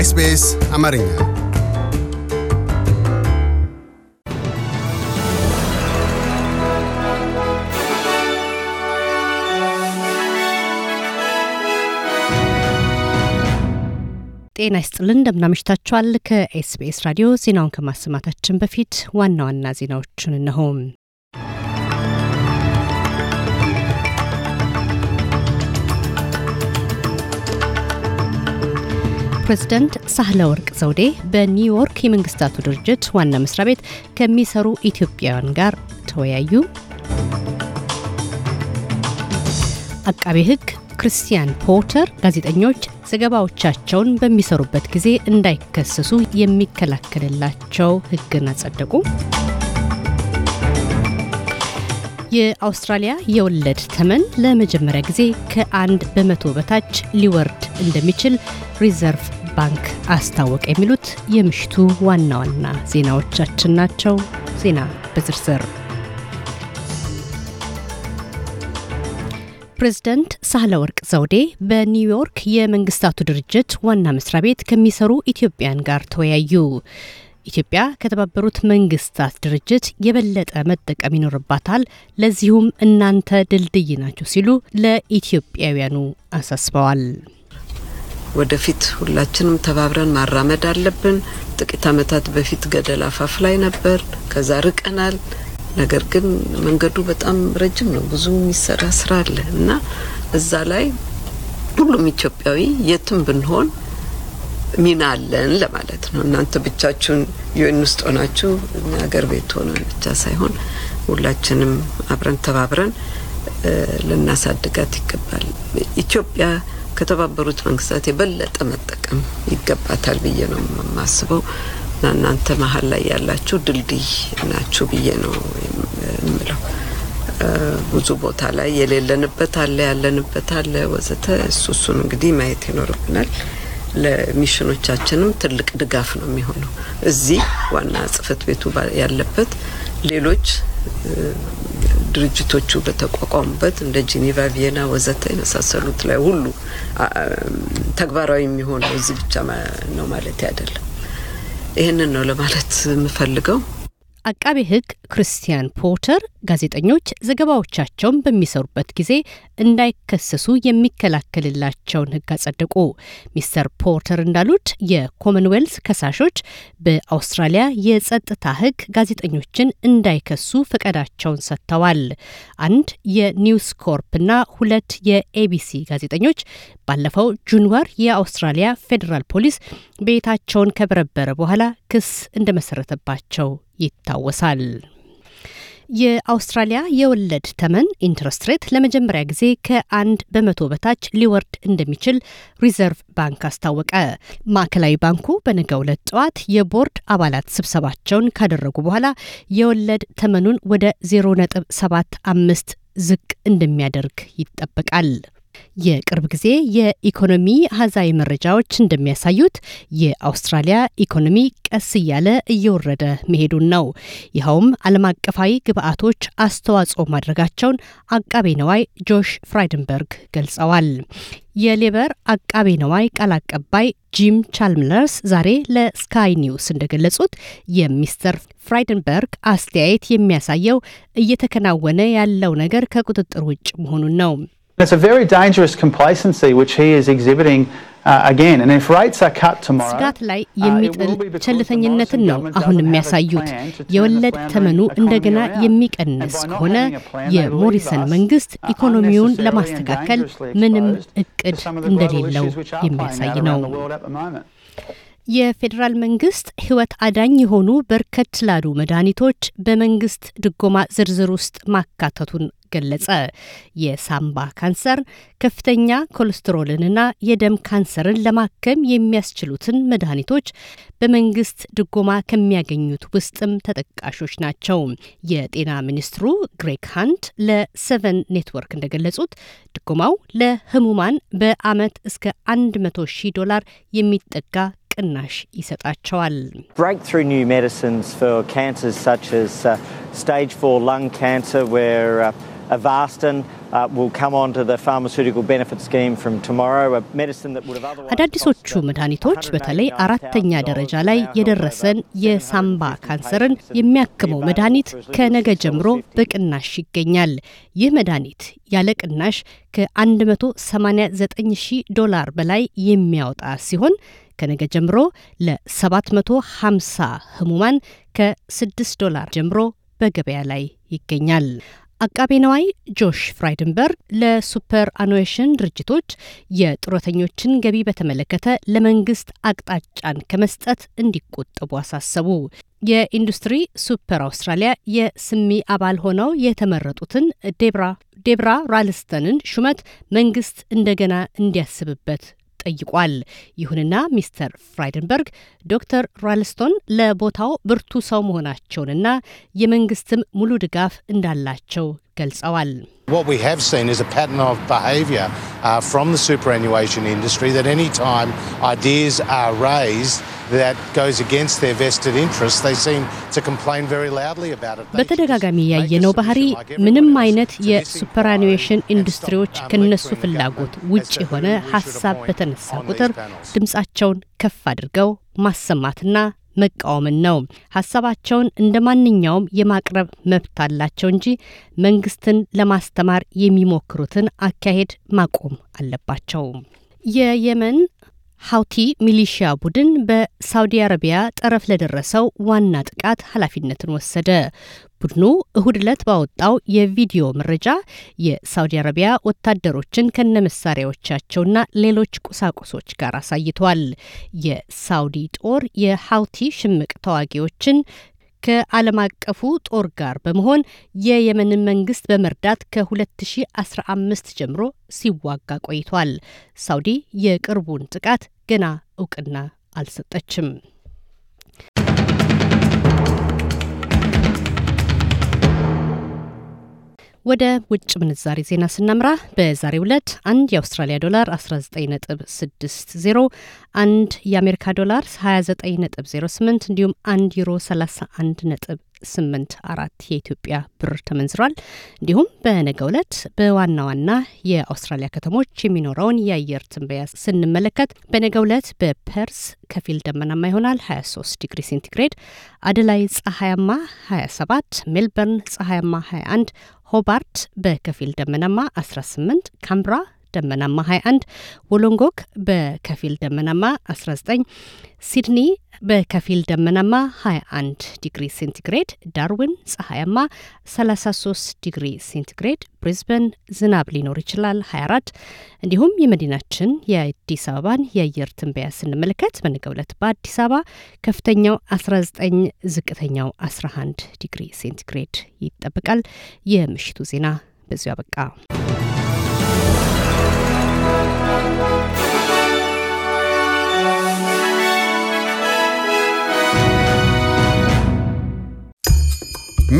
ኤስቢኤስ አማርኛ ጤና ይስጥልን እንደምናመሽታችኋል። ከኤስቢኤስ ራዲዮ ዜናውን ከማሰማታችን በፊት ዋና ዋና ዜናዎቹን እነሆም ፕሬዝደንት ሳህለ ወርቅ ዘውዴ በኒውዮርክ የመንግስታቱ ድርጅት ዋና መስሪያ ቤት ከሚሰሩ ኢትዮጵያውያን ጋር ተወያዩ። አቃቤ ህግ ክርስቲያን ፖርተር ጋዜጠኞች ዘገባዎቻቸውን በሚሰሩበት ጊዜ እንዳይከሰሱ የሚከላከልላቸው ህግን አጸደቁ። የአውስትራሊያ የወለድ ተመን ለመጀመሪያ ጊዜ ከአንድ በመቶ በታች ሊወርድ እንደሚችል ሪዘርቭ ባንክ አስታወቀ። የሚሉት የምሽቱ ዋና ዋና ዜናዎቻችን ናቸው። ዜና በዝርዝር ፕሬዚደንት ሳህለ ወርቅ ዘውዴ በኒውዮርክ የመንግስታቱ ድርጅት ዋና መስሪያ ቤት ከሚሰሩ ኢትዮጵያን ጋር ተወያዩ። ኢትዮጵያ ከተባበሩት መንግስታት ድርጅት የበለጠ መጠቀም ይኖርባታል። ለዚሁም እናንተ ድልድይ ናችሁ ሲሉ ለኢትዮጵያውያኑ አሳስበዋል። ወደፊት ሁላችንም ተባብረን ማራመድ አለብን። ጥቂት ዓመታት በፊት ገደል አፋፍ ላይ ነበር፣ ከዛ ርቀናል። ነገር ግን መንገዱ በጣም ረጅም ነው። ብዙ የሚሰራ ስራ አለ እና እዛ ላይ ሁሉም ኢትዮጵያዊ የትም ብንሆን ሚና አለን ለማለት ነው። እናንተ ብቻችሁን ዩኤን ውስጥ ሆናችሁ ሀገር ቤት ሆነ ብቻ ሳይሆን ሁላችንም አብረን ተባብረን ልናሳድጋት ይገባል። ኢትዮጵያ ከተባበሩት መንግስታት የበለጠ መጠቀም ይገባታል ብዬ ነው የማስበው እና እናንተ መሀል ላይ ያላችሁ ድልድይ ናችሁ ብዬ ነው የምለው። ብዙ ቦታ ላይ የሌለንበት አለ፣ ያለንበት አለ፣ ወዘተ እሱ እሱን እንግዲህ ማየት ይኖርብናል። ለሚሽኖቻችንም ትልቅ ድጋፍ ነው የሚሆነው። እዚህ ዋና ጽህፈት ቤቱ ያለበት ሌሎች ድርጅቶቹ በተቋቋሙበት እንደ ጄኔቫ፣ ቪየና ወዘተ የመሳሰሉት ላይ ሁሉ ተግባራዊ የሚሆነው እዚህ ብቻ ነው ማለት አይደለም። ይህንን ነው ለማለት የምፈልገው። አቃቤ ሕግ ክርስቲያን ፖርተር ጋዜጠኞች ዘገባዎቻቸውን በሚሰሩበት ጊዜ እንዳይከሰሱ የሚከላከልላቸውን ሕግ አጸደቁ። ሚስተር ፖርተር እንዳሉት የኮመንዌልዝ ከሳሾች በአውስትራሊያ የጸጥታ ሕግ ጋዜጠኞችን እንዳይከሱ ፈቀዳቸውን ሰጥተዋል። አንድ የኒውስ ኮርፕና ሁለት የኤቢሲ ጋዜጠኞች ባለፈው ጁን ወር የአውስትራሊያ ፌዴራል ፖሊስ ቤታቸውን ከበረበረ በኋላ ክስ እንደመሰረተባቸው ይታወሳል። የአውስትራሊያ የወለድ ተመን ኢንትረስት ሬት ለመጀመሪያ ጊዜ ከአንድ በመቶ በታች ሊወርድ እንደሚችል ሪዘርቭ ባንክ አስታወቀ። ማዕከላዊ ባንኩ በነገ ዕለት ጠዋት የቦርድ አባላት ስብሰባቸውን ካደረጉ በኋላ የወለድ ተመኑን ወደ አምስት ዝቅ እንደሚያደርግ ይጠበቃል። የቅርብ ጊዜ የኢኮኖሚ አሃዛዊ መረጃዎች እንደሚያሳዩት የአውስትራሊያ ኢኮኖሚ ቀስ እያለ እየወረደ መሄዱን ነው። ይኸውም ዓለም አቀፋዊ ግብአቶች አስተዋጽኦ ማድረጋቸውን አቃቤ ነዋይ ጆሽ ፍራይደንበርግ ገልጸዋል። የሌበር አቃቤ ነዋይ ቃል አቀባይ ጂም ቻልምለርስ ዛሬ ለስካይ ኒውስ እንደገለጹት የሚስተር ፍራይደንበርግ አስተያየት የሚያሳየው እየተከናወነ ያለው ነገር ከቁጥጥር ውጭ መሆኑን ነው። ስጋት ላይ uh, የሚጥል ቸልተኝነትን ነው አሁን የሚያሳዩት። የወለድ ተመኑ እንደገና የሚቀንስ ከሆነ የሞሪሰን መንግስት uh, ኢኮኖሚውን ለማስተካከል ምንም እቅድ እንደሌለው የሚያሳይ ነው። የፌዴራል መንግስት ህይወት አዳኝ የሆኑ በርከት ላሉ መድኃኒቶች በመንግስት ድጎማ ዝርዝር ውስጥ ማካተቱን ገለጸ። የሳምባ ካንሰር ከፍተኛ ኮሌስትሮልንና የደም ካንሰርን ለማከም የሚያስችሉትን መድኃኒቶች በመንግስት ድጎማ ከሚያገኙት ውስጥም ተጠቃሾች ናቸው። የጤና ሚኒስትሩ ግሬግ ሃንት ለሰቨን ኔትወርክ እንደገለጹት ድጎማው ለህሙማን በአመት እስከ 100 ሺህ ዶላር የሚጠጋ ቅናሽ ይሰጣቸዋል። አዳዲሶቹ መድኃኒቶች በተለይ አራተኛ ደረጃ ላይ የደረሰን የሳምባ ካንሰርን የሚያክመው መድኃኒት ከነገ ጀምሮ በቅናሽ ይገኛል። ይህ መድኃኒት ያለ ቅናሽ ከ189 ሺህ ዶላር በላይ የሚያወጣ ሲሆን ከነገ ጀምሮ ለ750 ህሙማን ከ6 ዶላር ጀምሮ በገበያ ላይ ይገኛል። አቃቤ ነዋይ ጆሽ ፍራይድንበርግ ለሱፐር አኖዌሽን ድርጅቶች የጡረተኞችን ገቢ በተመለከተ ለመንግስት አቅጣጫን ከመስጠት እንዲቆጠቡ አሳሰቡ። የኢንዱስትሪ ሱፐር አውስትራሊያ የስሚ አባል ሆነው የተመረጡትን ዴብራ ዴብራ ራልስተንን ሹመት መንግስት እንደገና እንዲያስብበት ጠይቋል። ይሁንና ሚስተር ፍራይደንበርግ ዶክተር ራልስቶን ለቦታው ብርቱ ሰው መሆናቸውንና የመንግስትም ሙሉ ድጋፍ እንዳላቸው ገልጸዋል። What we have seen is a pattern of behaviour uh, from the superannuation industry that any time ideas are raised በተደጋጋሚ ያየነው ባህሪ ምንም አይነት የሱፐራኒዌሽን uh, ኢንዱስትሪዎች ከነሱ ፍላጎት ውጭ የሆነ ሀሳብ በተነሳ ቁጥር ድምፃቸውን ከፍ አድርገው ማሰማትና መቃወምን ነው። ሀሳባቸውን እንደ ማንኛውም የማቅረብ መብት አላቸው እንጂ መንግስትን ለማስተማር የሚሞክሩትን አካሄድ ማቆም አለባቸው። የየመን ሀውቲ ሚሊሺያ ቡድን በሳውዲ አረቢያ ጠረፍ ለደረሰው ዋና ጥቃት ኃላፊነትን ወሰደ። ቡድኑ እሁድ ዕለት ባወጣው የቪዲዮ መረጃ የሳውዲ አረቢያ ወታደሮችን ከነመሳሪያዎቻቸውና ሌሎች ቁሳቁሶች ጋር አሳይቷል። የሳውዲ ጦር የሀውቲ ሽምቅ ተዋጊዎችን ከዓለም አቀፉ ጦር ጋር በመሆን የየመንን መንግስት በመርዳት ከ2015 ጀምሮ ሲዋጋ ቆይቷል። ሳውዲ የቅርቡን ጥቃት ገና እውቅና አልሰጠችም። ወደ ውጭ ምንዛሬ ዜና ስናምራ በዛሬው ዕለት አንድ የአውስትራሊያ ዶላር 19.60፣ አንድ የአሜሪካ ዶላር 29.08 እንዲሁም አንድ ዩሮ 31 የኢትዮጵያ ብር ተመንዝሯል። እንዲሁም በነገው ዕለት በዋና ዋና የአውስትራሊያ ከተሞች የሚኖረውን የአየር ትንበያ ስንመለከት በነገው ዕለት በፐርስ ከፊል ደመናማ ይሆናል 23 ዲግሪ ሴንቲግሬድ፣ አደላይ ፀሐያማ 27፣ ሜልበርን ፀሐያማ 21 ሆባርት በከፊል ደመናማ 18፣ ካምብራ ደመናማ 21፣ ወሎንጎክ በከፊል ደመናማ 19፣ ሲድኒ በከፊል ደመናማ 21 ዲግሪ ሴንቲግሬድ፣ ዳርዊን ፀሐያማ 33 ዲግሪ ሴንቲግሬድ፣ ብሪዝበን ዝናብ ሊኖር ይችላል 24። እንዲሁም የመዲናችን የአዲስ አበባን የአየር ትንበያ ስንመለከት በነገው ዕለት በአዲስ አበባ ከፍተኛው 19፣ ዝቅተኛው 11 ዲግሪ ሴንቲግሬድ ይጠበቃል። የምሽቱ ዜና በዚሁ አበቃ።